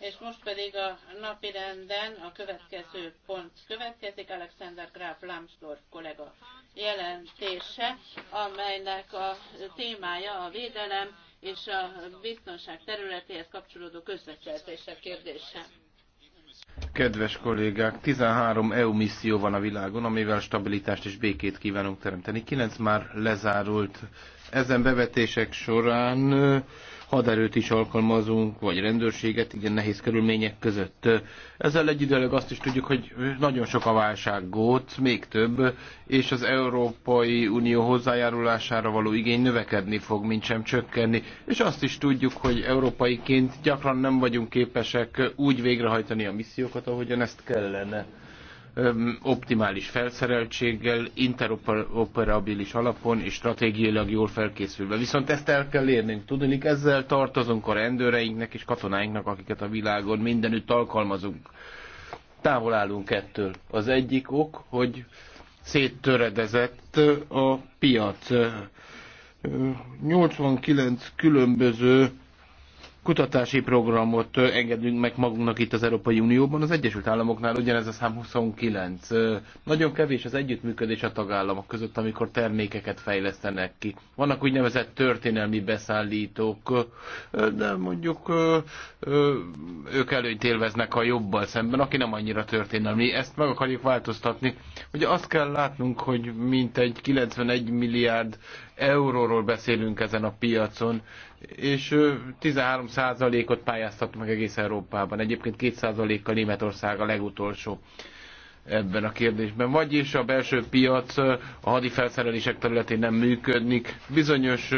És most pedig a napi renden a következő pont következik, Alexander Graf Lambsdorff kollega jelentése, amelynek a témája a védelem és a biztonság területéhez kapcsolódó közvetjelzések kérdése. Kedves kollégák, 13 EU misszió van a világon, amivel stabilitást és békét kívánunk teremteni. 9 már lezárult. Ezen bevetések során haderőt is alkalmazunk, vagy rendőrséget, igen nehéz körülmények között. Ezzel egyidőleg azt is tudjuk, hogy nagyon sok a válság még több, és az Európai Unió hozzájárulására való igény növekedni fog, mint sem csökkenni. És azt is tudjuk, hogy európaiként gyakran nem vagyunk képesek úgy végrehajtani a missziókat, ahogyan ezt kellene optimális felszereltséggel, interoperabilis alapon és stratégiailag jól felkészülve. Viszont ezt el kell érnünk, tudni, ezzel tartozunk a rendőreinknek és katonáinknak, akiket a világon mindenütt alkalmazunk. Távol állunk ettől. Az egyik ok, hogy széttöredezett a piac. 89 különböző kutatási programot engedünk meg magunknak itt az Európai Unióban, az Egyesült Államoknál ugyanez a szám 29. Nagyon kevés az együttműködés a tagállamok között, amikor termékeket fejlesztenek ki. Vannak úgynevezett történelmi beszállítók, de mondjuk ők előnyt élveznek a jobbal szemben, aki nem annyira történelmi. Ezt meg akarjuk változtatni. Ugye azt kell látnunk, hogy mintegy 91 milliárd euróról beszélünk ezen a piacon, és 13%-ot meg egész Európában. Egyébként 2%-kal Németország a legutolsó ebben a kérdésben. Vagyis a belső piac a felszerelések területén nem működik, bizonyos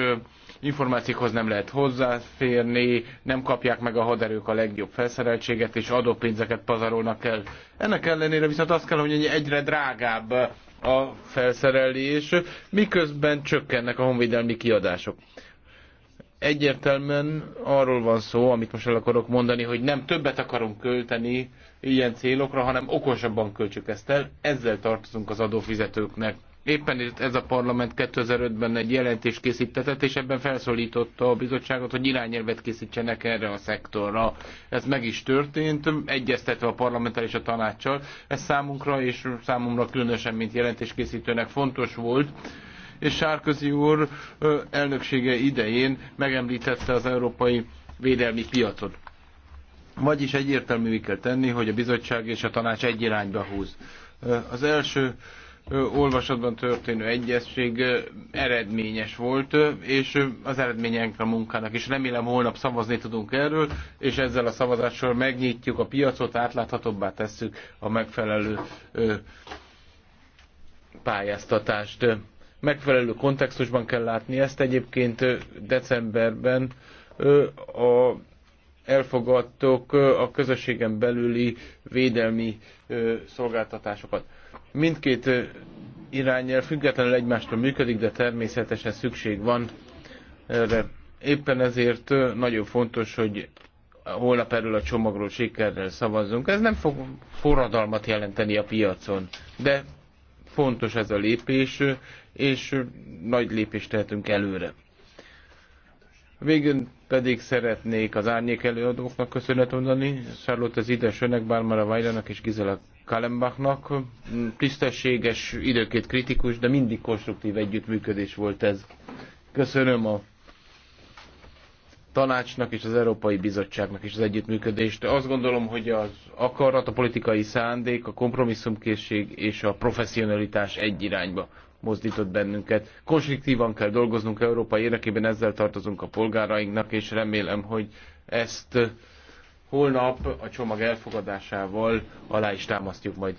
információkhoz nem lehet hozzáférni, nem kapják meg a haderők a legjobb felszereltséget, és adópénzeket pazarolnak el. Ennek ellenére viszont azt kell, hogy egyre drágább a felszerelés, miközben csökkennek a honvédelmi kiadások. Egyértelműen arról van szó, amit most el akarok mondani, hogy nem többet akarunk költeni ilyen célokra, hanem okosabban költsük ezt el, ezzel tartozunk az adófizetőknek. Éppen ez a parlament 2005-ben egy jelentést készítetett, és ebben felszólította a bizottságot, hogy irányelvet készítsenek erre a szektorra. Ez meg is történt, egyeztetve a parlamenttel és a tanácssal. Ez számunkra és számomra különösen, mint jelentéskészítőnek fontos volt és Sárközi úr elnöksége idején megemlítette az európai védelmi piacot. Vagyis egyértelművé kell tenni, hogy a bizottság és a tanács egy irányba húz. Az első olvasatban történő egyezség eredményes volt, és az eredményeink a munkának, is. remélem holnap szavazni tudunk erről, és ezzel a szavazással megnyitjuk a piacot, átláthatóbbá tesszük a megfelelő pályáztatást. Megfelelő kontextusban kell látni ezt egyébként decemberben a elfogadtok a közösségen belüli védelmi szolgáltatásokat. Mindkét irányel függetlenül egymástól működik, de természetesen szükség van erre. Éppen ezért nagyon fontos, hogy holnap erről a csomagról sikerrel szavazzunk. Ez nem fog forradalmat jelenteni a piacon, de fontos ez a lépés, és nagy lépést tehetünk előre. Végül pedig szeretnék az árnyék előadóknak köszönet mondani, Charlotte az ides Bármara Vajrának és Gizela Kalembachnak. Mm, tisztességes, időkét kritikus, de mindig konstruktív együttműködés volt ez. Köszönöm a tanácsnak és az Európai Bizottságnak is az együttműködést. Azt gondolom, hogy az akarat, a politikai szándék, a kompromisszumkészség és a professzionalitás egy irányba mozdított bennünket. Konstruktívan kell dolgoznunk Európa érdekében, ezzel tartozunk a polgárainknak, és remélem, hogy ezt holnap a csomag elfogadásával alá is támasztjuk majd.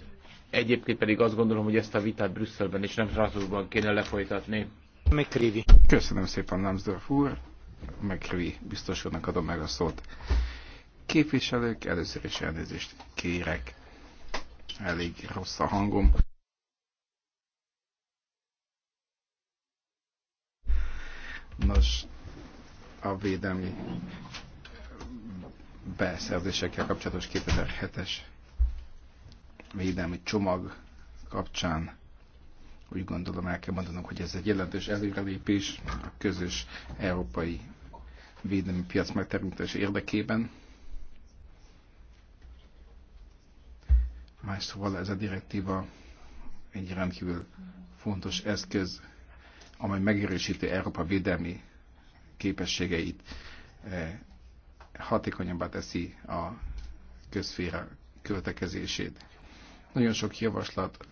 Egyébként pedig azt gondolom, hogy ezt a vitát Brüsszelben és nem Strasbourgban kéne lefolytatni. Megkrivi. Köszönöm szépen, Lambsdorff úr. Megkrivi biztos úrnak adom meg a szót. Képviselők, először is elnézést kérek. Elég rossz a hangom. Nos, a védelmi beszerzésekkel kapcsolatos 2007-es védelmi csomag kapcsán úgy gondolom el kell mondanunk, hogy ez egy jelentős előrelépés a közös európai védelmi piac megteremtés érdekében. Más szóval ez a direktíva egy rendkívül fontos eszköz, amely megerősíti Európa védelmi képességeit eh, hatékonyabbá teszi a közféra költekezését. Nagyon sok javaslat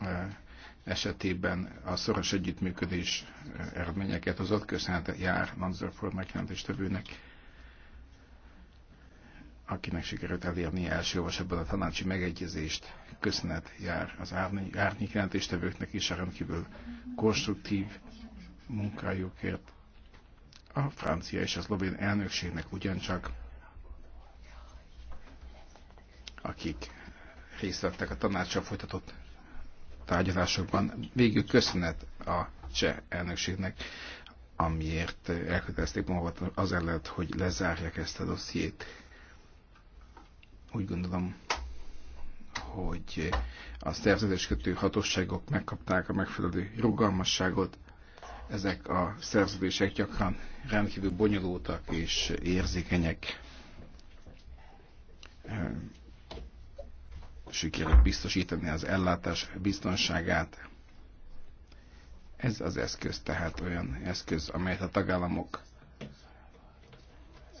eh, esetében a szoros együttműködés eh, eredményeket hozott, köszönhet jár Nanzerford megjelentéstevőnek, akinek sikerült elérni első olvasatban a tanácsi megegyezést. Köszönet jár az árnyék jelentéstevőknek is a rendkívül konstruktív munkájukért a francia és a szlovén elnökségnek ugyancsak, akik részt vettek a tanácsra folytatott tárgyalásokban. Végül köszönet a cseh elnökségnek, amiért elkötelezték magukat az ellett, hogy lezárják ezt a dossziét. Úgy gondolom, hogy a szerződéskötő hatóságok megkapták a megfelelő rugalmasságot, ezek a szerződések gyakran rendkívül bonyolultak és érzékenyek. Sikerült biztosítani az ellátás biztonságát. Ez az eszköz tehát olyan eszköz, amelyet a tagállamok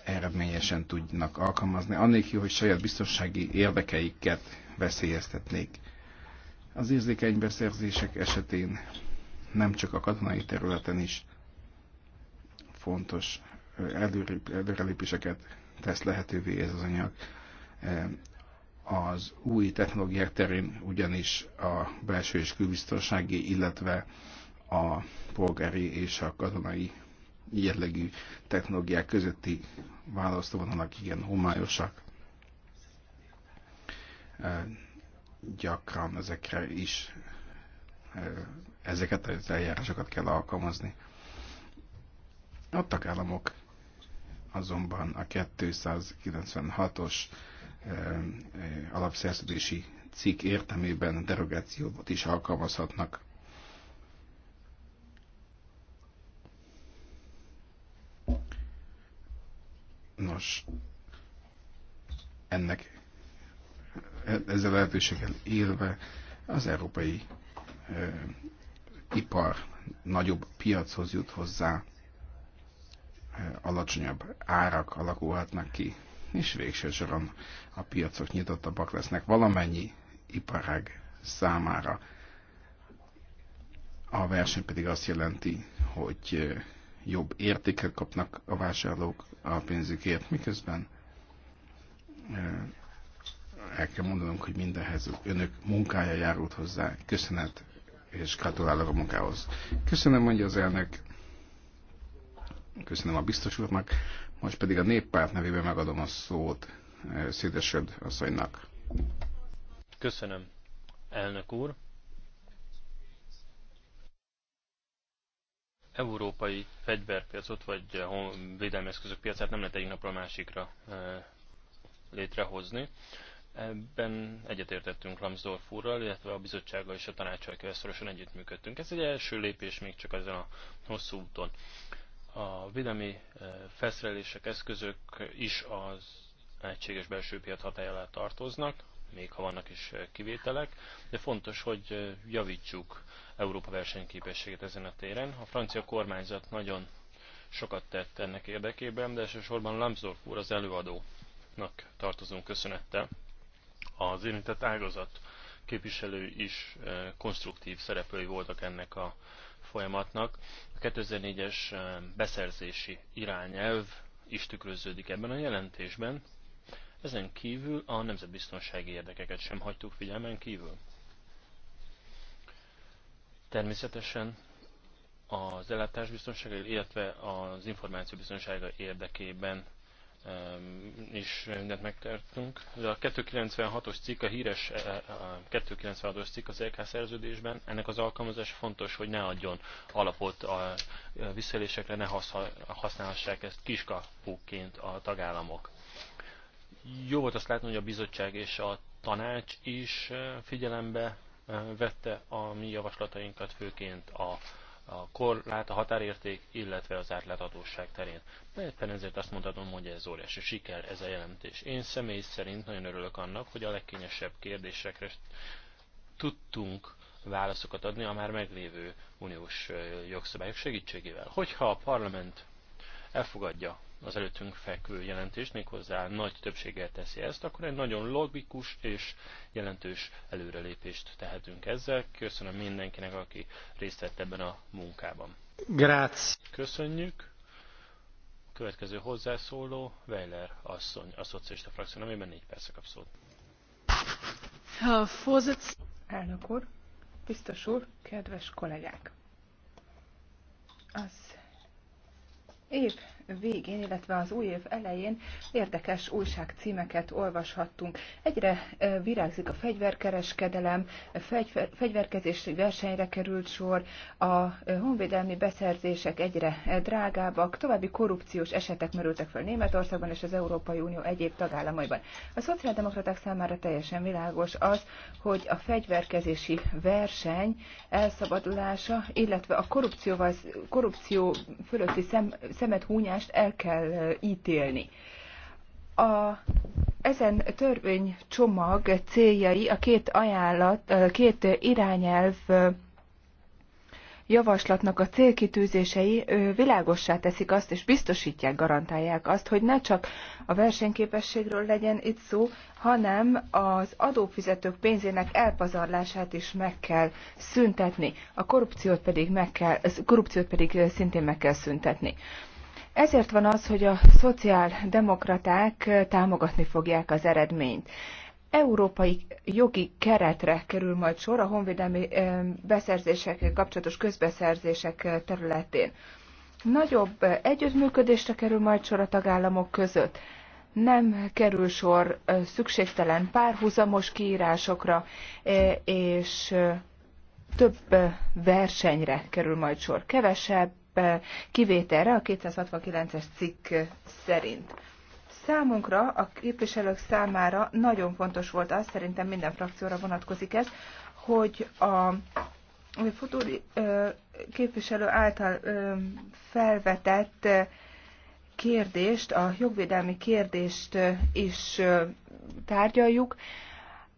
eredményesen tudnak alkalmazni, annélkül, hogy saját biztonsági érdekeiket veszélyeztetnék. Az érzékeny beszerzések esetén nem csak a katonai területen is fontos előrelépéseket tesz lehetővé ez az anyag. Az új technológiák terén ugyanis a belső és külbiztonsági, illetve a polgári és a katonai jellegű technológiák közötti választóvonalak igen homályosak. Gyakran ezekre is ezeket az eljárásokat kell alkalmazni. A tagállamok azonban a 296-os alapszerződési cikk értelmében derogációt is alkalmazhatnak. Nos, ennek e, ezzel lehetőséggel élve az Európai ipar nagyobb piachoz jut hozzá, alacsonyabb árak alakulhatnak ki, és végső soron a piacok nyitottabbak lesznek valamennyi iparág számára. A verseny pedig azt jelenti, hogy jobb értéket kapnak a vásárlók a pénzükért, miközben el kell mondanunk, hogy mindenhez önök munkája járult hozzá. Köszönet és gratulálok a munkához. Köszönöm, mondja az elnök. Köszönöm a biztos úrnak. Most pedig a néppárt nevében megadom a szót eh, Szédesed asszonynak. Köszönöm, elnök úr. Európai fegyverpiacot vagy eh, védelmi eszközök piacát nem lehet egy napról másikra eh, létrehozni. Ebben egyetértettünk Lambsdorff úrral, illetve a bizottsággal és a tanácsal kell szorosan együttműködtünk. Ez egy első lépés még csak ezen a hosszú úton. A védelmi eh, felszerelések, eszközök is az egységes belső piac hatájára tartoznak, még ha vannak is eh, kivételek, de fontos, hogy eh, javítsuk Európa versenyképességét ezen a téren. A francia kormányzat nagyon sokat tett ennek érdekében, de elsősorban Lambsdorff úr az előadónak tartozunk köszönettel az érintett ágazat képviselő is eh, konstruktív szereplői voltak ennek a folyamatnak. A 2004-es eh, beszerzési irányelv is tükröződik ebben a jelentésben. Ezen kívül a nemzetbiztonsági érdekeket sem hagytuk figyelmen kívül. Természetesen az ellátásbiztonsága, illetve az információbiztonsága érdekében és mindent megtartunk. De a 296-os cikk, a híres 296-os e, e, cikk az LK e szerződésben, ennek az alkalmazása fontos, hogy ne adjon alapot a visszaélésekre, ne használhassák ezt kiskapukként a tagállamok. Jó volt azt látni, hogy a bizottság és a tanács is figyelembe vette a mi javaslatainkat, főként a a korlát, a határérték, illetve az átláthatóság terén. Éppen ezért azt mondhatom, hogy ez óriási siker, ez a jelentés. Én személy szerint nagyon örülök annak, hogy a legkényesebb kérdésekre tudtunk válaszokat adni a már meglévő uniós jogszabályok segítségével. Hogyha a parlament elfogadja az előttünk fekvő jelentést, méghozzá nagy többséggel teszi ezt, akkor egy nagyon logikus és jelentős előrelépést tehetünk ezzel. Köszönöm mindenkinek, aki részt vett ebben a munkában. Grác. Köszönjük. A következő hozzászóló Weiler asszony, a szocialista frakció amiben négy percre kap szót. Elnök úr, biztos úr, kedves kollégák! Az Épp végén, illetve az új év elején érdekes újságcímeket olvashattunk. Egyre virágzik a fegyverkereskedelem, fegyver, fegyverkezési versenyre került sor, a honvédelmi beszerzések egyre drágábbak, további korrupciós esetek merültek fel Németországban és az Európai Unió egyéb tagállamaiban. A szociáldemokraták számára teljesen világos az, hogy a fegyverkezési verseny elszabadulása, illetve a korrupcióval, korrupció fölötti szem, szemet húnyás egymást el kell ítélni. A ezen törvény csomag céljai a két ajánlat, a két irányelv javaslatnak a célkitűzései világossá teszik azt, és biztosítják, garantálják azt, hogy ne csak a versenyképességről legyen itt szó, hanem az adófizetők pénzének elpazarlását is meg kell szüntetni, a korrupciót pedig, meg kell, korrupciót pedig szintén meg kell szüntetni. Ezért van az, hogy a szociáldemokraták támogatni fogják az eredményt. Európai jogi keretre kerül majd sor a honvédelmi beszerzések, kapcsolatos közbeszerzések területén. Nagyobb együttműködésre kerül majd sor a tagállamok között. Nem kerül sor szükségtelen párhuzamos kiírásokra, és több versenyre kerül majd sor. Kevesebb kivételre a 269-es cikk szerint. Számunkra, a képviselők számára nagyon fontos volt az, szerintem minden frakcióra vonatkozik ez, hogy a futóri képviselő által felvetett kérdést, a jogvédelmi kérdést is tárgyaljuk,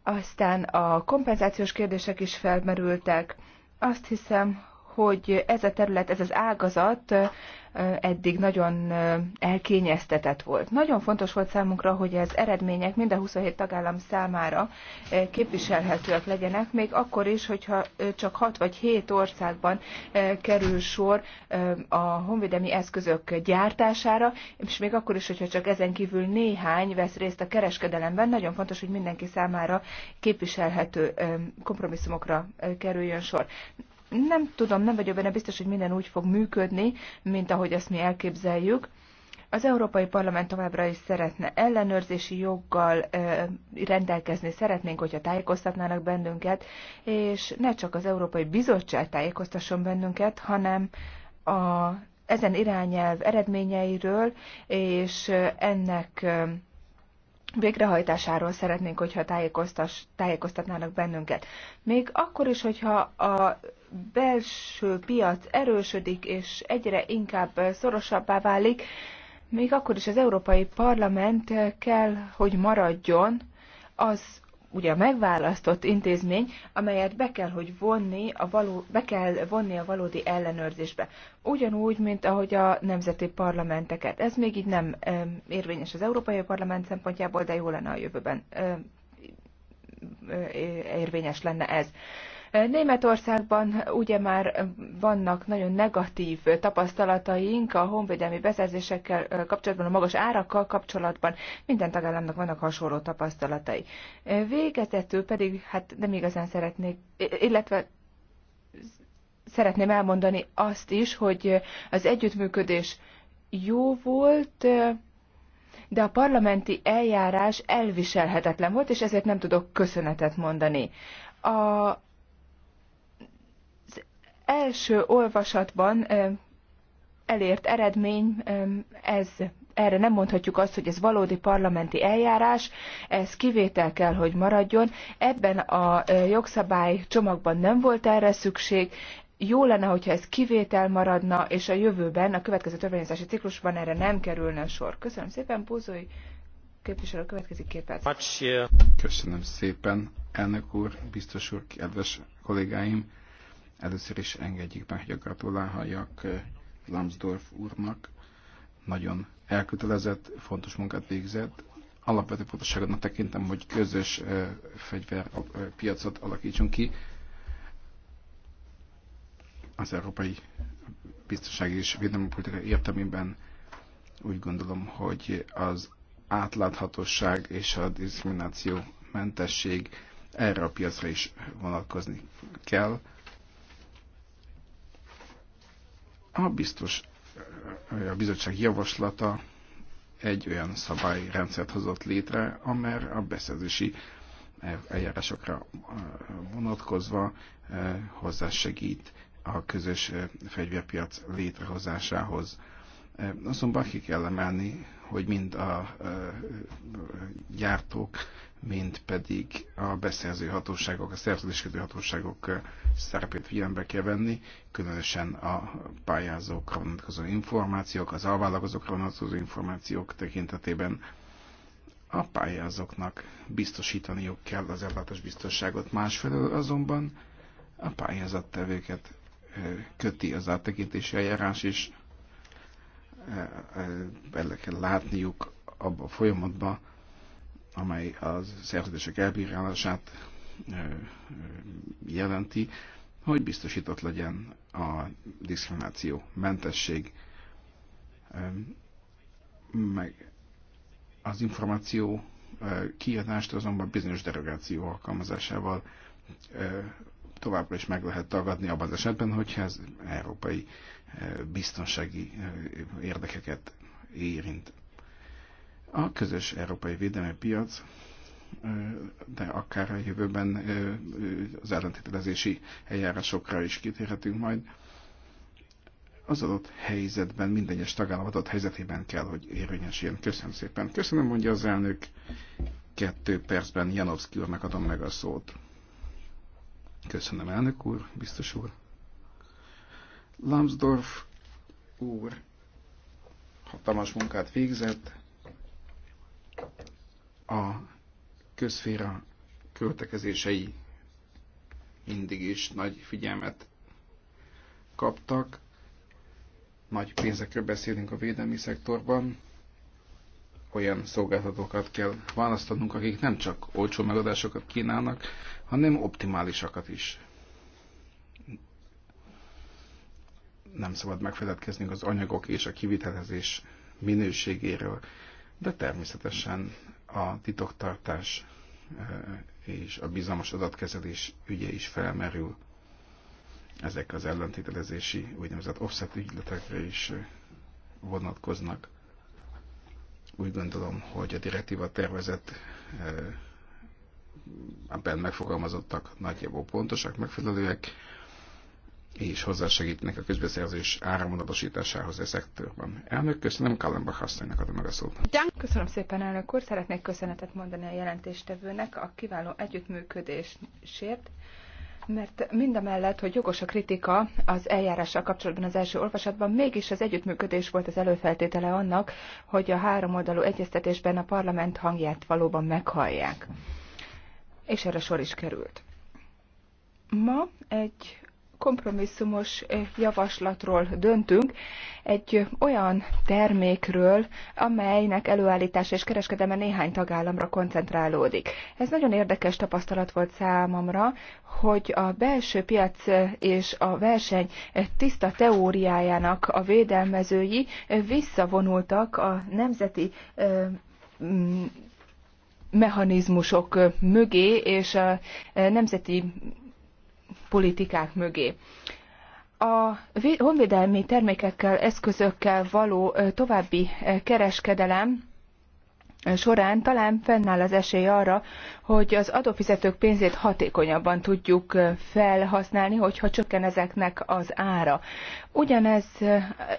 aztán a kompenzációs kérdések is felmerültek. Azt hiszem, hogy ez a terület, ez az ágazat eddig nagyon elkényeztetett volt. Nagyon fontos volt számunkra, hogy az eredmények minden 27 tagállam számára képviselhetőek legyenek, még akkor is, hogyha csak 6 vagy 7 országban kerül sor a honvédelmi eszközök gyártására, és még akkor is, hogyha csak ezen kívül néhány vesz részt a kereskedelemben, nagyon fontos, hogy mindenki számára képviselhető kompromisszumokra kerüljön sor nem tudom, nem vagyok benne biztos, hogy minden úgy fog működni, mint ahogy ezt mi elképzeljük. Az Európai Parlament továbbra is szeretne ellenőrzési joggal e, rendelkezni, szeretnénk, hogyha tájékoztatnának bennünket, és ne csak az Európai Bizottság tájékoztasson bennünket, hanem a, ezen irányelv eredményeiről és ennek e, végrehajtásáról szeretnénk, hogyha tájékoztas, tájékoztatnának bennünket. Még akkor is, hogyha a belső piac erősödik és egyre inkább szorosabbá válik, még akkor is az Európai Parlament kell, hogy maradjon az ugye a megválasztott intézmény, amelyet be kell, hogy vonni a való, be kell vonni a valódi ellenőrzésbe. Ugyanúgy, mint ahogy a nemzeti parlamenteket. Ez még így nem e, érvényes az Európai Parlament szempontjából, de jó lenne a jövőben e, érvényes lenne ez. Németországban ugye már vannak nagyon negatív tapasztalataink a honvédelmi beszerzésekkel kapcsolatban, a magas árakkal kapcsolatban. Minden tagállamnak vannak hasonló tapasztalatai. Végezetül pedig, hát nem igazán szeretnék, illetve szeretném elmondani azt is, hogy az együttműködés jó volt, de a parlamenti eljárás elviselhetetlen volt, és ezért nem tudok köszönetet mondani. A első olvasatban elért eredmény, ez erre nem mondhatjuk azt, hogy ez valódi parlamenti eljárás, ez kivétel kell, hogy maradjon. Ebben a jogszabály csomagban nem volt erre szükség, jó lenne, hogyha ez kivétel maradna, és a jövőben, a következő törvényezési ciklusban erre nem kerülne a sor. Köszönöm szépen, Búzói képviselő, következik két perc. Köszönöm szépen, elnök úr, biztos úr, kedves kollégáim. Először is engedjék meg, hogy gratuláljak eh, Lambsdorff úrnak. Nagyon elkötelezett, fontos munkát végzett. Alapvető fontosságodnak tekintem, hogy közös eh, fegyverpiacot eh, alakítsunk ki az európai biztonsági és védelmi politika értelmében úgy gondolom, hogy az átláthatóság és a diszkrimináció mentesség erre a piacra is vonatkozni kell. A biztos, a bizottság javaslata egy olyan szabályrendszert hozott létre, amely a beszerzési eljárásokra vonatkozva hozzásegít a közös fegyverpiac létrehozásához. Azonban ki kell emelni, hogy mind a gyártók, mint pedig a beszerző hatóságok, a szerződéskedő hatóságok eh, szerepét figyelembe kell venni, különösen a pályázókra vonatkozó információk, az alvállalkozókra vonatkozó információk tekintetében a pályázóknak biztosítaniuk kell az ellátás biztonságot. Másfelől azonban a pályázattevőket eh, köti az áttekintési eljárás is, bele eh, kell látniuk abba a folyamatba, amely a szerződések elbírálását jelenti, hogy biztosított legyen a diszkrimináció mentesség, meg az információ kiadást azonban bizonyos derogáció alkalmazásával továbbra is meg lehet tagadni abban az esetben, hogyha ez európai biztonsági érdekeket érint. A közös európai védelmi piac, de akár a jövőben az ellentételezési eljárásokra is kitérhetünk majd, az adott helyzetben, minden egyes tagállam adott helyzetében kell, hogy érvényesüljön. Köszönöm szépen. Köszönöm, mondja az elnök. Kettő percben Janowski úrnak adom meg a szót. Köszönöm, elnök úr, biztos úr. Lambsdorff úr hatalmas munkát végzett, a közféra költekezései mindig is nagy figyelmet kaptak. Nagy pénzekről beszélünk a védelmi szektorban. Olyan szolgáltatókat kell választanunk, akik nem csak olcsó megadásokat kínálnak, hanem optimálisakat is. Nem szabad megfeledkeznünk az anyagok és a kivitelezés minőségéről de természetesen a titoktartás és a bizalmas adatkezelés ügye is felmerül. Ezek az ellentételezési úgynevezett offset ügyletekre is vonatkoznak. Úgy gondolom, hogy a direktíva tervezett ebben megfogalmazottak nagyjából pontosak, megfelelőek és hozzásegítnek a közbeszerzés áramonadosításához e szektorban. Elnök, köszönöm, Kallenbach asszonynak adom meg a szót. Köszönöm szépen, elnök úr. Szeretnék köszönetet mondani a jelentéstevőnek a kiváló együttműködésért, mert mindamellett, hogy jogos a kritika az eljárással kapcsolatban az első olvasatban, mégis az együttműködés volt az előfeltétele annak, hogy a háromoldalú egyeztetésben a parlament hangját valóban meghallják. És erre sor is került. Ma egy kompromisszumos javaslatról döntünk, egy olyan termékről, amelynek előállítása és kereskedelme néhány tagállamra koncentrálódik. Ez nagyon érdekes tapasztalat volt számomra, hogy a belső piac és a verseny tiszta teóriájának a védelmezői visszavonultak a nemzeti mechanizmusok mögé, és a nemzeti politikák mögé. A honvédelmi termékekkel, eszközökkel való további kereskedelem során talán fennáll az esély arra, hogy az adófizetők pénzét hatékonyabban tudjuk felhasználni, hogyha csökken ezeknek az ára. Ugyanez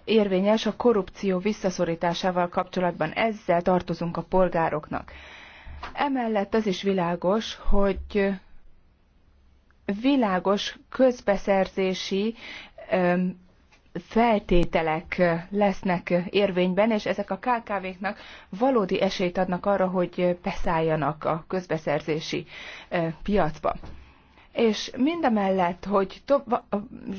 érvényes a korrupció visszaszorításával kapcsolatban, ezzel tartozunk a polgároknak. Emellett az is világos, hogy világos közbeszerzési feltételek lesznek érvényben, és ezek a KKV-knak valódi esélyt adnak arra, hogy beszálljanak a közbeszerzési piacba. És mindemellett, hogy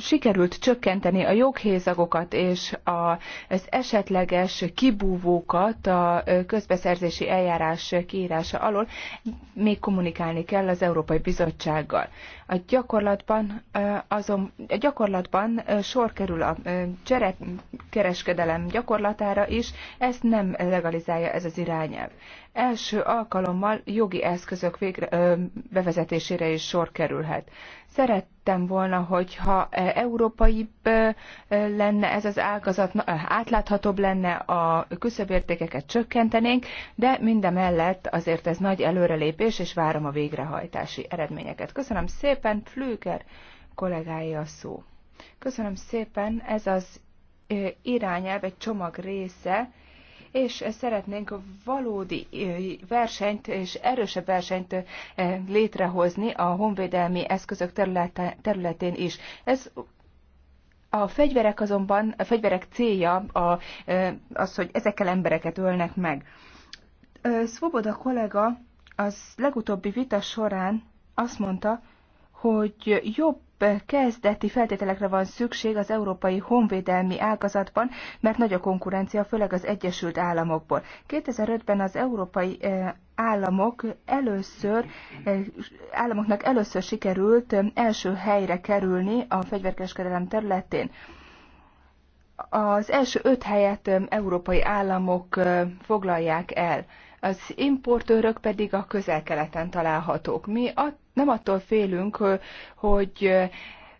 sikerült csökkenteni a joghézagokat és a, az esetleges kibúvókat a közbeszerzési eljárás kiírása alól, még kommunikálni kell az Európai Bizottsággal. A gyakorlatban, azon, a gyakorlatban sor kerül a cserekereskedelem gyakorlatára is, ezt nem legalizálja ez az irányelv. Első alkalommal jogi eszközök végre, bevezetésére is sor kerülhet. Szerettem volna, hogyha e, európaibb e, e, lenne ez az ágazat, átláthatóbb lenne, a küszöbértékeket csökkentenénk, de mindemellett azért ez nagy előrelépés, és várom a végrehajtási eredményeket. Köszönöm szépen, Flüger kollégái a szó. Köszönöm szépen, ez az irányelv egy csomag része, és szeretnénk valódi versenyt és erősebb versenyt létrehozni a honvédelmi eszközök területén is. Ez a fegyverek azonban, a fegyverek célja az, hogy ezekkel embereket ölnek meg. Svoboda kollega az legutóbbi vita során azt mondta, hogy jobb kezdeti feltételekre van szükség az európai honvédelmi ágazatban, mert nagy a konkurencia, főleg az Egyesült Államokból. 2005-ben az európai eh, államok először, eh, államoknak először sikerült eh, első helyre kerülni a fegyverkereskedelem területén. Az első öt helyet európai államok foglalják el az importőrök pedig a közel-keleten találhatók. Mi att- nem attól félünk, hogy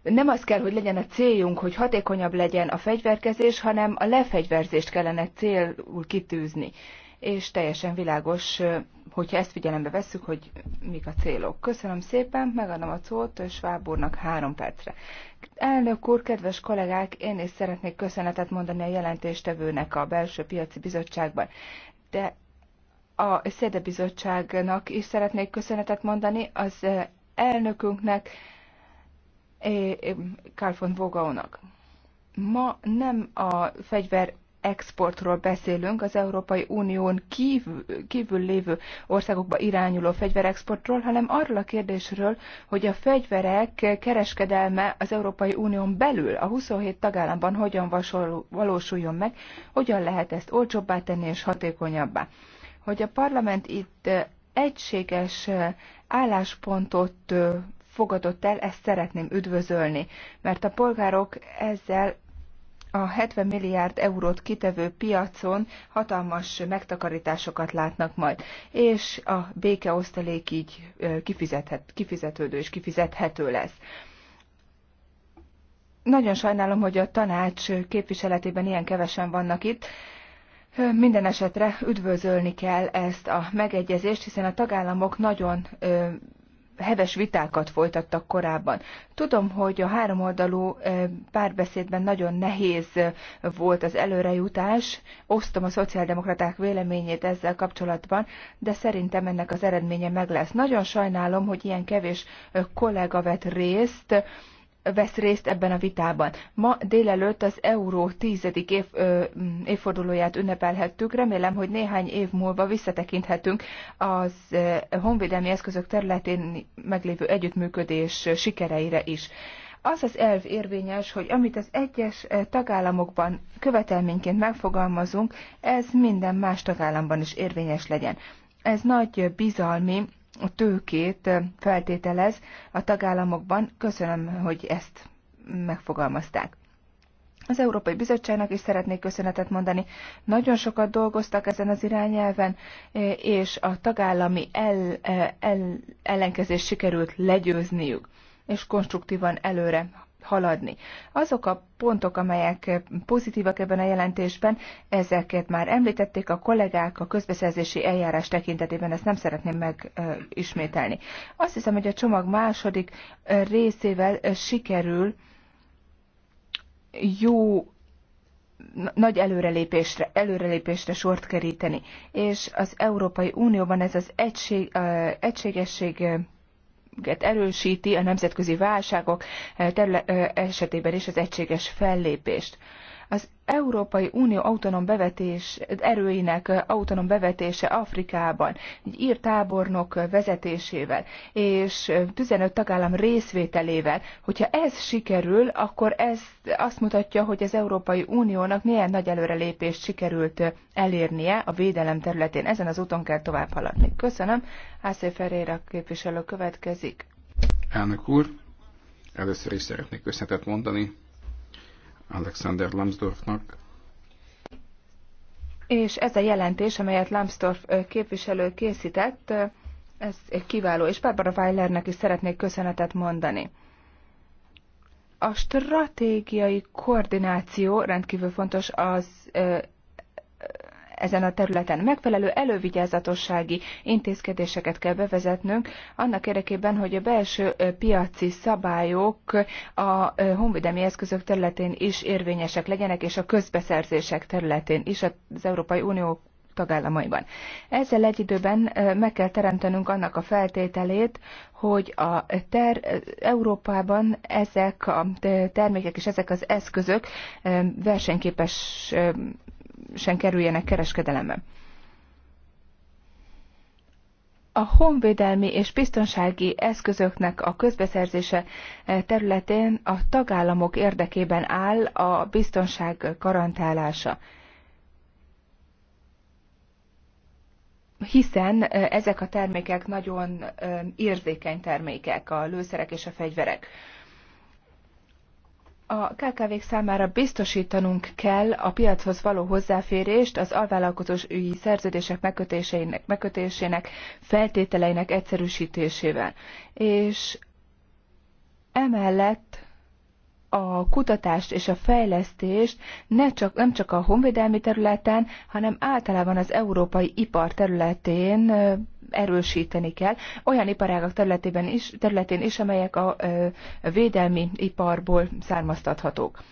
nem az kell, hogy legyen a céljunk, hogy hatékonyabb legyen a fegyverkezés, hanem a lefegyverzést kellene célul kitűzni. És teljesen világos, hogyha ezt figyelembe vesszük, hogy mik a célok. Köszönöm szépen, megadom a szót Schwab úrnak három percre. Elnök úr, kedves kollégák, én is szeretnék köszönetet mondani a jelentéstevőnek a Belső Piaci Bizottságban. De a Szédebizottságnak is szeretnék köszönetet mondani, az eh, elnökünknek, Carl eh, eh, von Vogaunak. Ma nem a fegyver exportról beszélünk, az Európai Unión kívül, kívül lévő országokba irányuló fegyverexportról, hanem arról a kérdésről, hogy a fegyverek kereskedelme az Európai Unión belül, a 27 tagállamban hogyan valósuljon meg, hogyan lehet ezt olcsóbbá tenni és hatékonyabbá hogy a parlament itt egységes álláspontot fogadott el, ezt szeretném üdvözölni, mert a polgárok ezzel a 70 milliárd eurót kitevő piacon hatalmas megtakarításokat látnak majd, és a békeosztalék így kifizethet, kifizetődő és kifizethető lesz. Nagyon sajnálom, hogy a tanács képviseletében ilyen kevesen vannak itt, minden esetre üdvözölni kell ezt a megegyezést, hiszen a tagállamok nagyon heves vitákat folytattak korábban. Tudom, hogy a háromoldalú párbeszédben nagyon nehéz volt az előrejutás, osztom a szociáldemokraták véleményét ezzel kapcsolatban, de szerintem ennek az eredménye meg lesz. Nagyon sajnálom, hogy ilyen kevés kollega vett részt, vesz részt ebben a vitában. Ma délelőtt az euró tizedik év, ö, évfordulóját ünnepelhettük. Remélem, hogy néhány év múlva visszatekinthetünk az honvédelmi eszközök területén meglévő együttműködés sikereire is. Az az elv érvényes, hogy amit az egyes tagállamokban követelményként megfogalmazunk, ez minden más tagállamban is érvényes legyen. Ez nagy bizalmi a tőkét feltételez a tagállamokban. Köszönöm, hogy ezt megfogalmazták. Az Európai Bizottságnak is szeretnék köszönetet mondani. Nagyon sokat dolgoztak ezen az irányelven, és a tagállami el, el, ellenkezés sikerült legyőzniük, és konstruktívan előre haladni. Azok a pontok, amelyek pozitívak ebben a jelentésben, ezeket már említették a kollégák a közbeszerzési eljárás tekintetében, ezt nem szeretném megismételni. Azt hiszem, hogy a csomag második részével sikerül jó nagy előrelépésre, előrelépésre sort keríteni. És az Európai Unióban ez az egység, egységesség erősíti a nemzetközi válságok eh, eh, esetében is az egységes fellépést. Az Európai Unió autonóm bevetés, erőinek autonóm bevetése Afrikában, egy ír tábornok vezetésével és 15 tagállam részvételével, hogyha ez sikerül, akkor ez azt mutatja, hogy az Európai Uniónak milyen nagy előrelépést sikerült elérnie a védelem területén. Ezen az úton kell tovább haladni. Köszönöm. Ászé Ferreira képviselő következik. Elnök úr, először is szeretnék köszönetet mondani Alexander Lambsdorffnak. És ez a jelentés, amelyet Lambsdorff képviselő készített, ez kiváló, és Barbara Weilernek is szeretnék köszönetet mondani. A stratégiai koordináció rendkívül fontos az ezen a területen megfelelő elővigyázatossági intézkedéseket kell bevezetnünk, annak érdekében, hogy a belső piaci szabályok a honvédelmi eszközök területén is érvényesek legyenek, és a közbeszerzések területén is az Európai Unió tagállamaiban. Ezzel egy időben meg kell teremtenünk annak a feltételét, hogy a ter, Európában ezek a termékek és ezek az eszközök versenyképes sem kerüljenek kereskedelembe. A honvédelmi és biztonsági eszközöknek a közbeszerzése eh, területén a tagállamok érdekében áll a biztonság garantálása. hiszen eh, ezek a termékek nagyon eh, érzékeny termékek, a lőszerek és a fegyverek. A KKV-k számára biztosítanunk kell a piachoz való hozzáférést az alvállalkozói szerződések megkötésének, megkötésének feltételeinek egyszerűsítésével. És emellett a kutatást és a fejlesztést ne csak, nem csak a honvédelmi területen, hanem általában az európai ipar területén erősíteni kell, olyan iparágak területében is, területén is, amelyek a védelmi iparból származtathatók.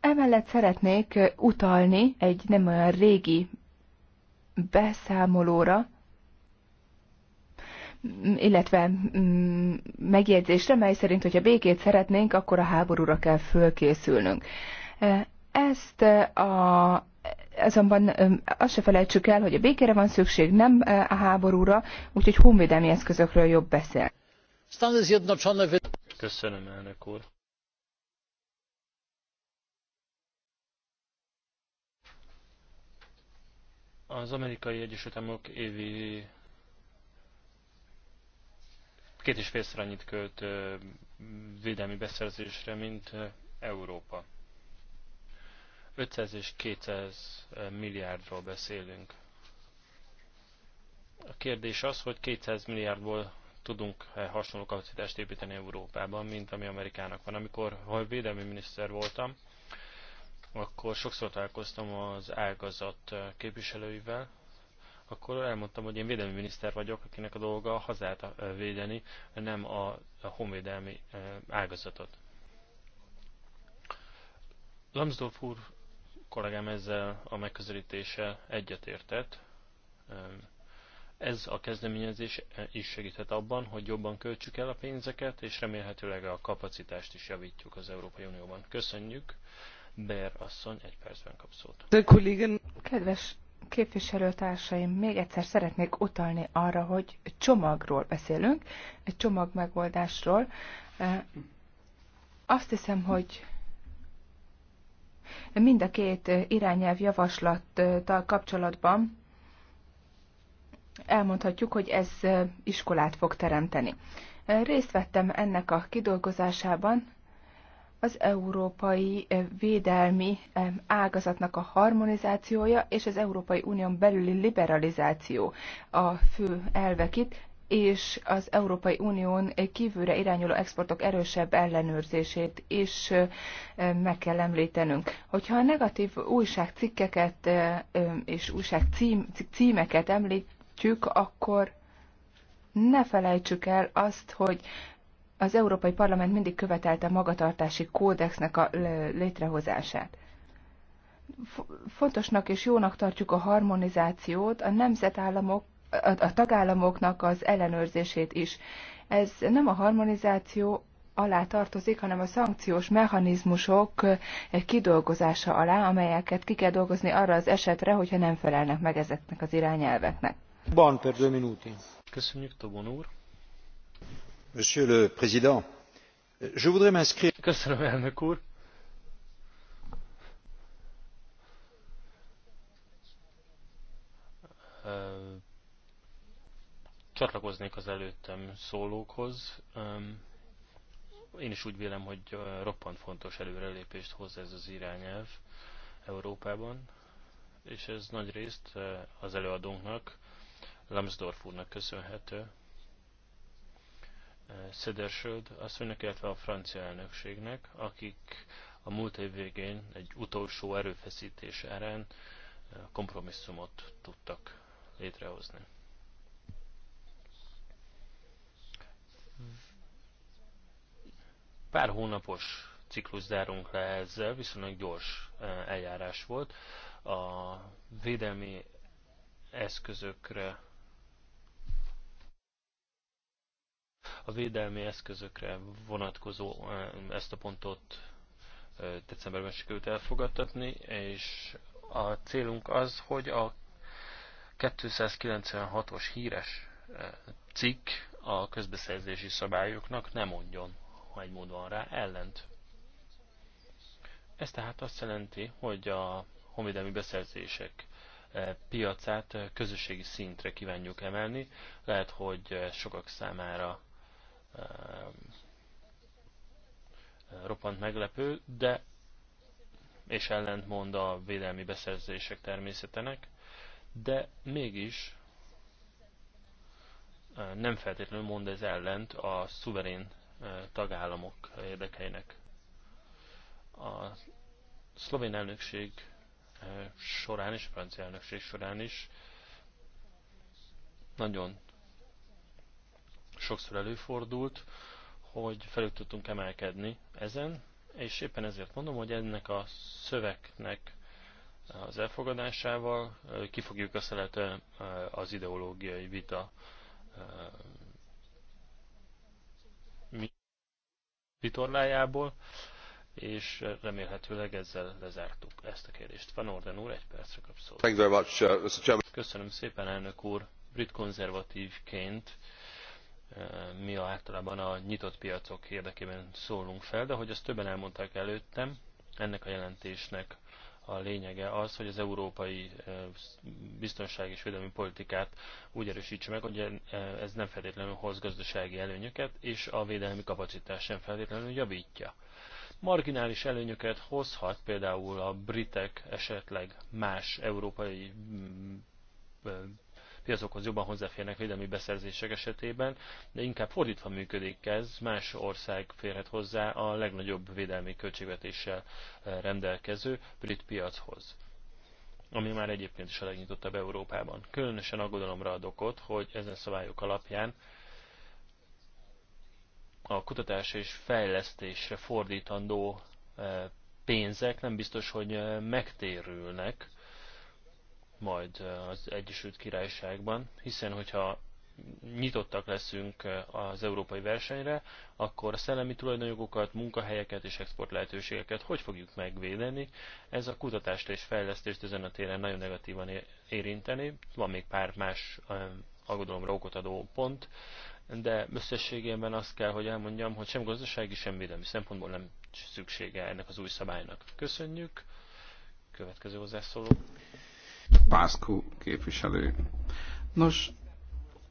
Emellett szeretnék utalni egy nem olyan régi beszámolóra, illetve mm, megjegyzésre, mely szerint, hogyha békét szeretnénk, akkor a háborúra kell fölkészülnünk. Ezt a azonban azt se felejtsük el, hogy a békére van szükség, nem a háborúra, úgyhogy honvédelmi eszközökről jobb beszél. Köszönöm, elnök úr. Az amerikai Egyesült Államok évi két és félszer annyit költ védelmi beszerzésre, mint Európa. 500 és 200 milliárdról beszélünk. A kérdés az, hogy 200 milliárdból tudunk hasonló kapacitást építeni Európában, mint ami Amerikának van. Amikor ha védelmi miniszter voltam, akkor sokszor találkoztam az ágazat képviselőivel, akkor elmondtam, hogy én védelmi miniszter vagyok, akinek a dolga a hazát védeni, nem a, a honvédelmi ágazatot. Lambsdorff úr kollégám ezzel a megközelítéssel egyetértett. Ez a kezdeményezés is segíthet abban, hogy jobban költsük el a pénzeket, és remélhetőleg a kapacitást is javítjuk az Európai Unióban. Köszönjük. Ber asszony egy percben kap szót. Kedves képviselőtársaim, még egyszer szeretnék utalni arra, hogy csomagról beszélünk, egy csomagmegoldásról. Azt hiszem, hogy mind a két irányelv javaslattal kapcsolatban elmondhatjuk, hogy ez iskolát fog teremteni. Részt vettem ennek a kidolgozásában, az európai védelmi ágazatnak a harmonizációja és az Európai Unión belüli liberalizáció a fő elvek itt és az Európai Unión kívülre irányuló exportok erősebb ellenőrzését is meg kell említenünk. Hogyha a negatív újságcikkeket és újságcímeket említjük, akkor ne felejtsük el azt, hogy az Európai Parlament mindig követelte magatartási kódexnek a létrehozását fontosnak és jónak tartjuk a harmonizációt a nemzetállamok a, a tagállamoknak az ellenőrzését is. Ez nem a harmonizáció alá tartozik, hanem a szankciós mechanizmusok kidolgozása alá, amelyeket ki kell dolgozni arra az esetre, hogyha nem felelnek meg ezeknek az irányelveknek. Bon per due minuti. Köszönjük, Tobon úr. Monsieur le Président, je voudrais m'inscrire... Köszönöm, elnök úr Csatlakoznék az előttem szólókhoz. Én is úgy vélem, hogy roppant fontos előrelépést hoz ez az irányelv Európában, és ez nagy részt az előadónknak, Lambsdorff úrnak köszönhető, Szedersöld asszonynak, illetve a francia elnökségnek, akik a múlt év végén egy utolsó erőfeszítés árán kompromisszumot tudtak létrehozni. Pár hónapos ciklus zárunk le ezzel, viszonylag gyors e, eljárás volt. A védelmi eszközökre a védelmi eszközökre vonatkozó e, ezt a pontot e, decemberben sikerült elfogadtatni, és a célunk az, hogy a 296-os híres cikk a közbeszerzési szabályoknak ne mondjon, ha egy mód van rá, ellent. Ez tehát azt jelenti, hogy a honvédelmi beszerzések eh, piacát eh, közösségi szintre kívánjuk emelni. Lehet, hogy eh, sokak számára roppant meglepő, de és ellentmond a védelmi beszerzések természetenek, de mégis nem feltétlenül mond ez ellent a szuverén tagállamok érdekeinek. A szlovén elnökség során és a francia elnökség során is nagyon sokszor előfordult, hogy felül tudtunk emelkedni ezen, és éppen ezért mondom, hogy ennek a szövegnek az elfogadásával kifogjuk a szelet az ideológiai vita vitorlájából, és remélhetőleg ezzel lezártuk ezt a kérdést. Van Orden úr, egy percre kap szót. Uh, Köszönöm szépen, elnök úr. Brit konzervatívként mi általában a nyitott piacok érdekében szólunk fel, de hogy azt többen elmondták előttem, ennek a jelentésnek a lényege az, hogy az európai biztonság és védelmi politikát úgy erősítse meg, hogy ez nem feltétlenül hoz gazdasági előnyöket, és a védelmi kapacitás sem feltétlenül javítja. Marginális előnyöket hozhat például a britek esetleg más európai mm, piacokhoz jobban hozzáférnek védelmi beszerzések esetében, de inkább fordítva működik ez, más ország férhet hozzá a legnagyobb védelmi költségvetéssel eh, rendelkező brit piachoz ami már egyébként is a legnyitottabb Európában. Különösen aggodalomra ad okot, hogy ezen szabályok alapján a kutatás és fejlesztésre fordítandó eh, pénzek nem biztos, hogy eh, megtérülnek, majd az Egyesült Királyságban, hiszen hogyha nyitottak leszünk az európai versenyre, akkor a szellemi tulajdonjogokat, munkahelyeket és export lehetőségeket hogy fogjuk megvédeni? Ez a kutatást és fejlesztést ezen a téren nagyon negatívan érinteni. Van még pár más aggodalomra okot adó pont, de összességében azt kell, hogy elmondjam, hogy sem gazdasági, sem védelmi szempontból nem szüksége ennek az új szabálynak. Köszönjük! Következő hozzászóló. Pászkó képviselő. Nos,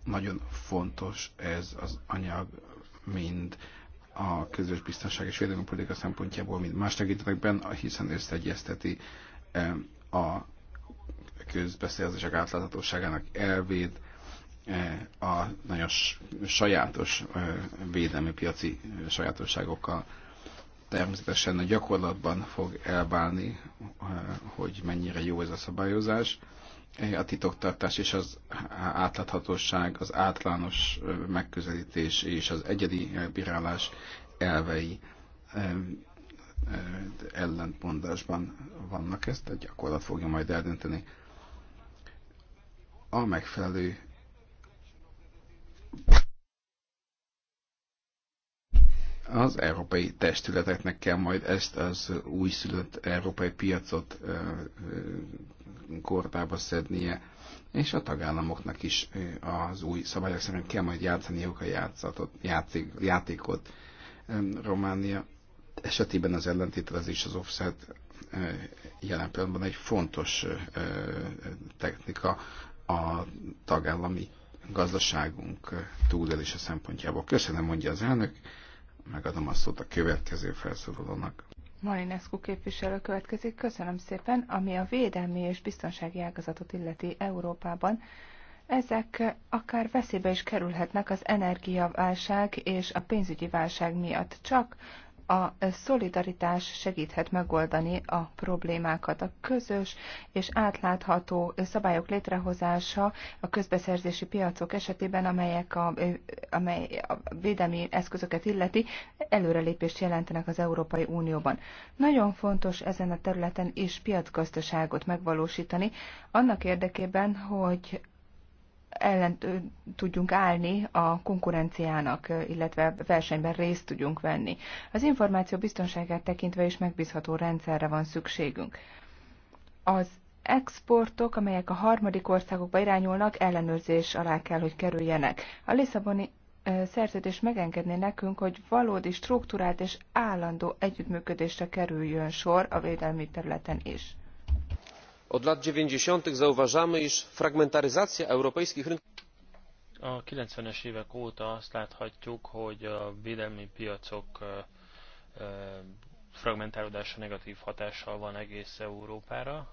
nagyon fontos ez az anyag, mind a közös biztonság és védelmi politika szempontjából, mint más tekintetekben, hiszen összeegyezteti a közbeszerzések átláthatóságának elvét e, a nagyon sajátos e, védelmi piaci e, sajátosságokkal természetesen a gyakorlatban fog elválni, hogy mennyire jó ez a szabályozás. A titoktartás és az átláthatóság, az átlános megközelítés és az egyedi bírálás elvei ellentmondásban vannak, ezt a gyakorlat fogja majd eldönteni. A megfelelő az európai testületeknek kell majd ezt az újszülött európai piacot kortába szednie, és a tagállamoknak is az új szabályok szerint kell majd játszaniuk a játszatot, játék, játékot. Románia esetében az ellentételezés az offset jelen pillanatban egy fontos technika a tagállami gazdaságunk túlélése szempontjából. Köszönöm, mondja az elnök megadom a szót a következő felszólalónak. Marinescu képviselő következik. Köszönöm szépen, ami a védelmi és biztonsági ágazatot illeti Európában. Ezek akár veszélybe is kerülhetnek az energiaválság és a pénzügyi válság miatt. Csak a szolidaritás segíthet megoldani a problémákat. A közös és átlátható szabályok létrehozása a közbeszerzési piacok esetében, amelyek a, amely a védelmi eszközöket illeti, előrelépést jelentenek az Európai Unióban. Nagyon fontos ezen a területen is piacgazdaságot megvalósítani, annak érdekében, hogy ellen tudjunk állni a konkurenciának, illetve versenyben részt tudjunk venni. Az információ biztonságát tekintve is megbízható rendszerre van szükségünk. Az exportok, amelyek a harmadik országokba irányulnak, ellenőrzés alá kell, hogy kerüljenek. A Lisszaboni szerződés megengedné nekünk, hogy valódi struktúrált és állandó együttműködésre kerüljön sor a védelmi területen is od lat dziewięćdziesiątych zauważamy iż fragmentaryzacja europejskich rynków a 90-es évek óta azt láthatjuk, hogy a védelmi piacok fragmentálódása negatív hatással van egész Európára.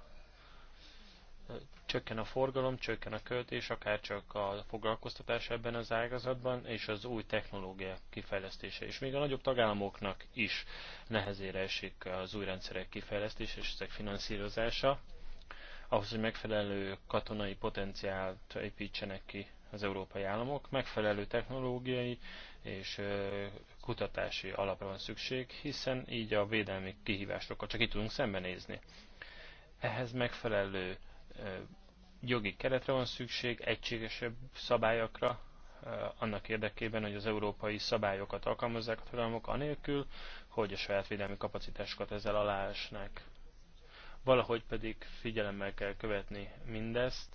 Csökken a forgalom, csökken a költés, akár csak a foglalkoztatás ebben az ágazatban, és az új technológiák kifejlesztése is. Még a nagyobb tagállamoknak is nehezére esik az új rendszerek kifejlesztése és ezek finanszírozása ahhoz, hogy megfelelő katonai potenciált építsenek ki az európai államok, megfelelő technológiai és kutatási alapra van szükség, hiszen így a védelmi kihívásokkal csak itt tudunk szembenézni. Ehhez megfelelő jogi keretre van szükség, egységesebb szabályokra, annak érdekében, hogy az európai szabályokat alkalmazzák a tagállamok, anélkül, hogy a saját védelmi kapacitásokat ezzel alásnák valahogy pedig figyelemmel kell követni mindezt,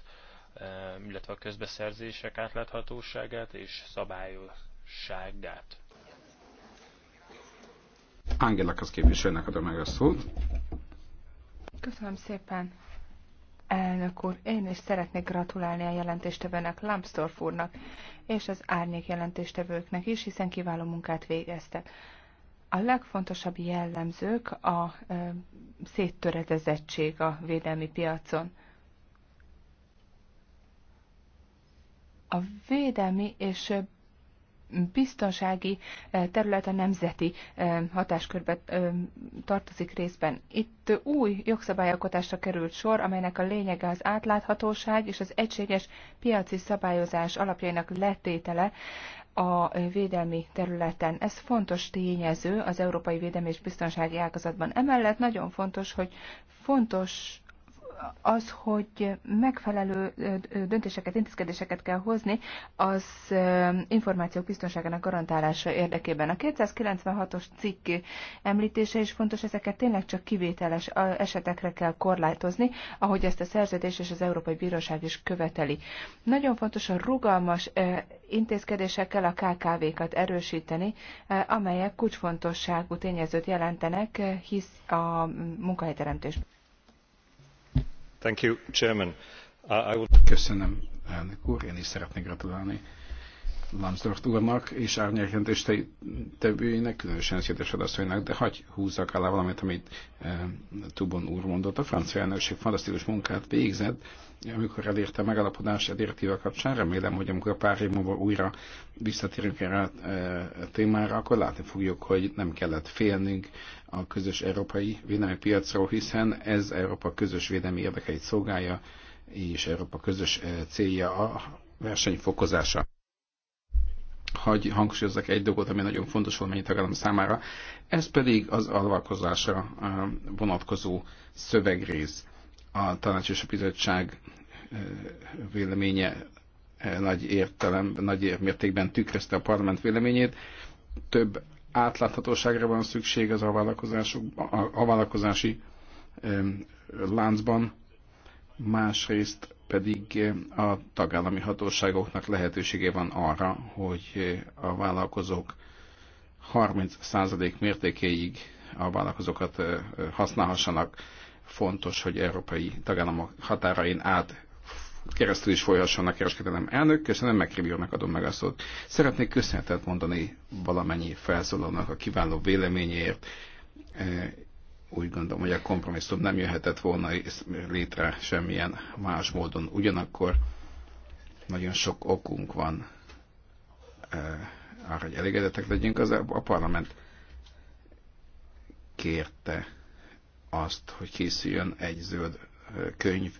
eh, illetve a közbeszerzések átláthatóságát és szabályosságát. Angela az képviselőnek adom meg a szót. Köszönöm szépen, elnök úr. Én is szeretnék gratulálni a jelentéstevőnek, Lambsdorff úrnak, és az árnyék jelentéstevőknek is, hiszen kiváló munkát végeztek. A legfontosabb jellemzők a eh, széttöredezettség a védelmi piacon. A védelmi és biztonsági terület a nemzeti hatáskörbe tartozik részben. Itt új jogszabályalkotásra került sor, amelynek a lényege az átláthatóság és az egységes piaci szabályozás alapjainak letétele a védelmi területen. Ez fontos tényező az európai védelmi és biztonsági ágazatban. Emellett nagyon fontos, hogy fontos az, hogy megfelelő döntéseket, intézkedéseket kell hozni az információk biztonságának garantálása érdekében. A 296-os cikk említése is fontos, ezeket tényleg csak kivételes esetekre kell korlátozni, ahogy ezt a szerződés és az Európai Bíróság is követeli. Nagyon fontos a rugalmas intézkedésekkel a KKV-kat erősíteni, amelyek kulcsfontosságú tényezőt jelentenek hisz a munkahelyteremtésben. Uh, Köszönöm, elnök úr, én is szeretnék gratulálni Lambsdorff úrnak és árnyékjelentés tevőjének, különösen Szédes Adasszonynak, de hagy húzzak alá valamit, amit e, Tubon úr mondott. A francia elnökség fantasztikus munkát végzett, amikor elérte a megállapodást a direktíva kapcsán. Remélem, hogy amikor a pár év múlva újra visszatérünk erre eh, a témára, akkor látni fogjuk, hogy nem kellett félnünk a közös európai védelmi piacról, hiszen ez Európa közös védelmi érdekeit szolgálja, és Európa közös eh, célja a verseny fokozása hagy hangsúlyozzak egy dolgot, ami nagyon fontos valamennyi tagállam számára, ez pedig az alvalkozásra vonatkozó szövegrész. A Tanács és a Bizottság véleménye nagy értelem, nagy mértékben tükrözte a parlament véleményét. Több átláthatóságra van szükség az alvállalkozási láncban, másrészt pedig eh, a tagállami hatóságoknak lehetősége van arra, hogy eh, a vállalkozók 30% mértékéig a vállalkozókat eh, használhassanak. Fontos, hogy európai tagállamok határain át keresztül is folyhasson a kereskedelem elnök, köszönöm, megkívülnek adom meg a szót. Szeretnék köszönetet mondani valamennyi felszólalnak a kiváló véleményért, úgy gondolom, hogy a kompromisszum nem jöhetett volna létre semmilyen más módon. Ugyanakkor nagyon sok okunk van eh, arra, hogy elégedettek legyünk. Az a parlament kérte azt, hogy készüljön egy zöld eh, könyv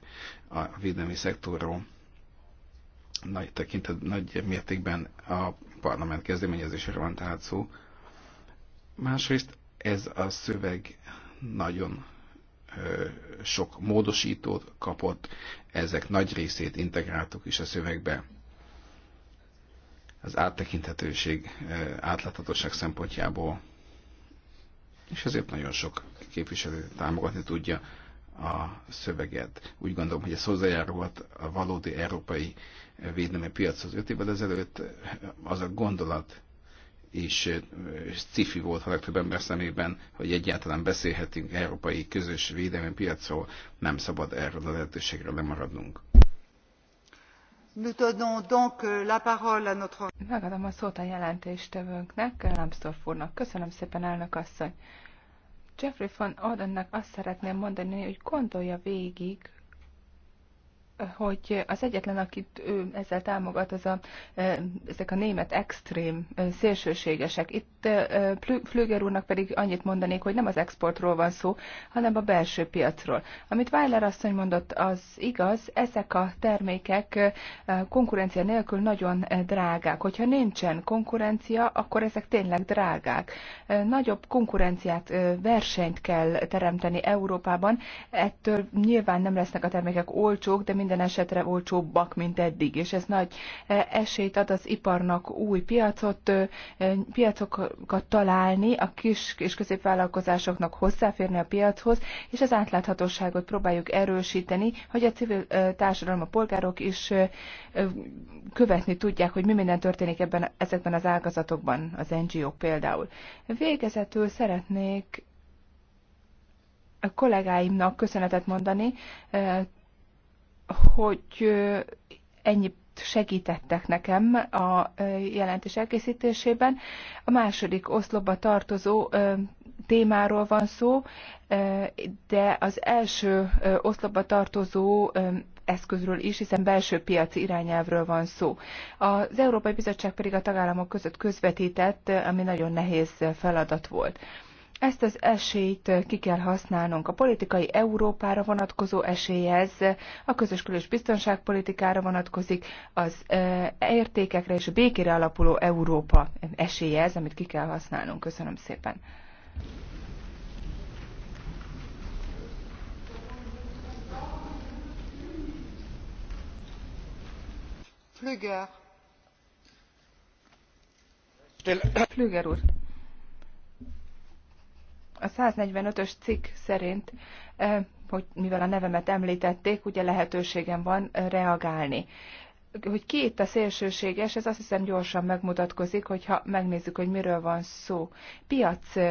a védelmi szektorról. Nagy tekintet, nagy mértékben a parlament kezdeményezésére van tehát szó. Másrészt ez a szöveg nagyon sok módosítót kapott, ezek nagy részét integráltuk is a szövegbe. Az áttekinthetőség, átláthatóság szempontjából, és ezért nagyon sok képviselő támogatni tudja a szöveget. Úgy gondolom, hogy ez hozzájárulhat a valódi európai védelmi piachoz. Öt évvel ezelőtt az a gondolat és cifi volt a legtöbb ember szemében, hogy egyáltalán beszélhetünk európai közös védelmi piacról, nem szabad erről a lehetőségről lemaradnunk. Euh, Megadom a szót a jelentéstevőnknek, Lambsdorff úrnak. Köszönöm szépen, elnök asszony. Jeffrey von Odennek azt szeretném mondani, hogy gondolja végig, hogy az egyetlen, akit ő ezzel támogat, az a, ezek a német extrém szélsőségesek. Itt Flüger úrnak pedig annyit mondanék, hogy nem az exportról van szó, hanem a belső piacról. Amit Weiler asszony mondott, az igaz, ezek a termékek konkurencia nélkül nagyon drágák. Hogyha nincsen konkurencia, akkor ezek tényleg drágák. Nagyobb konkurenciát, versenyt kell teremteni Európában, ettől nyilván nem lesznek a termékek olcsók, de minden esetre olcsóbbak, mint eddig, és ez nagy eh, esélyt ad az iparnak új piacot, eh, eh, piacokat találni, a kis és középvállalkozásoknak hozzáférni a piachoz, és az átláthatóságot próbáljuk erősíteni, hogy a civil társadalom, a polgárok is követni tudják, hogy mi minden történik ebben, ezekben az ágazatokban, az NGO-k például. Végezetül szeretnék a kollégáimnak köszönetet mondani, hogy ennyit segítettek nekem a jelentés elkészítésében. A második oszlopba tartozó témáról van szó, de az első oszlopba tartozó eszközről is, hiszen belső piaci irányelvről van szó. Az Európai Bizottság pedig a tagállamok között közvetített, ami nagyon nehéz feladat volt. Ezt az esélyt ki kell használnunk. A politikai Európára vonatkozó esélyhez, a közös külös biztonságpolitikára vonatkozik, az értékekre és a békére alapuló Európa esélyhez, amit ki kell használnunk. Köszönöm szépen. Flüger. Flüger úr a 145-ös cikk szerint, eh, hogy mivel a nevemet említették, ugye lehetőségem van eh, reagálni hogy ki itt a szélsőséges, ez azt hiszem gyorsan megmutatkozik, hogyha megnézzük, hogy miről van szó. Piaci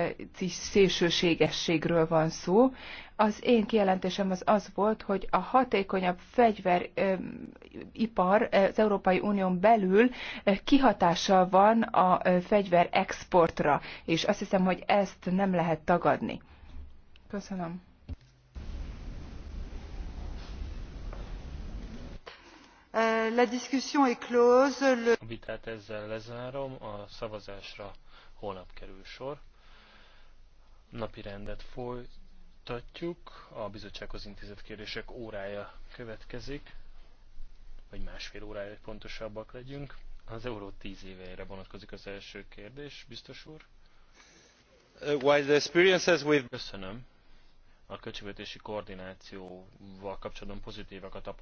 szélsőségességről van szó. Az én kijelentésem az az volt, hogy a hatékonyabb fegyveripar az Európai Unión belül kihatással van a fegyver exportra, és azt hiszem, hogy ezt nem lehet tagadni. Köszönöm. Euh, la discussion est close. Le... A vitát ezzel lezárom, a szavazásra holnap kerül sor. Napi rendet folytatjuk, a bizottsághoz intézett kérdések órája következik, vagy másfél órája, hogy pontosabbak legyünk. Az euró 10 éveire vonatkozik az első kérdés, biztos úr. Uh, while the experiences with... Köszönöm. A költségvetési koordinációval kapcsolatban pozitívak a tapasztalatok.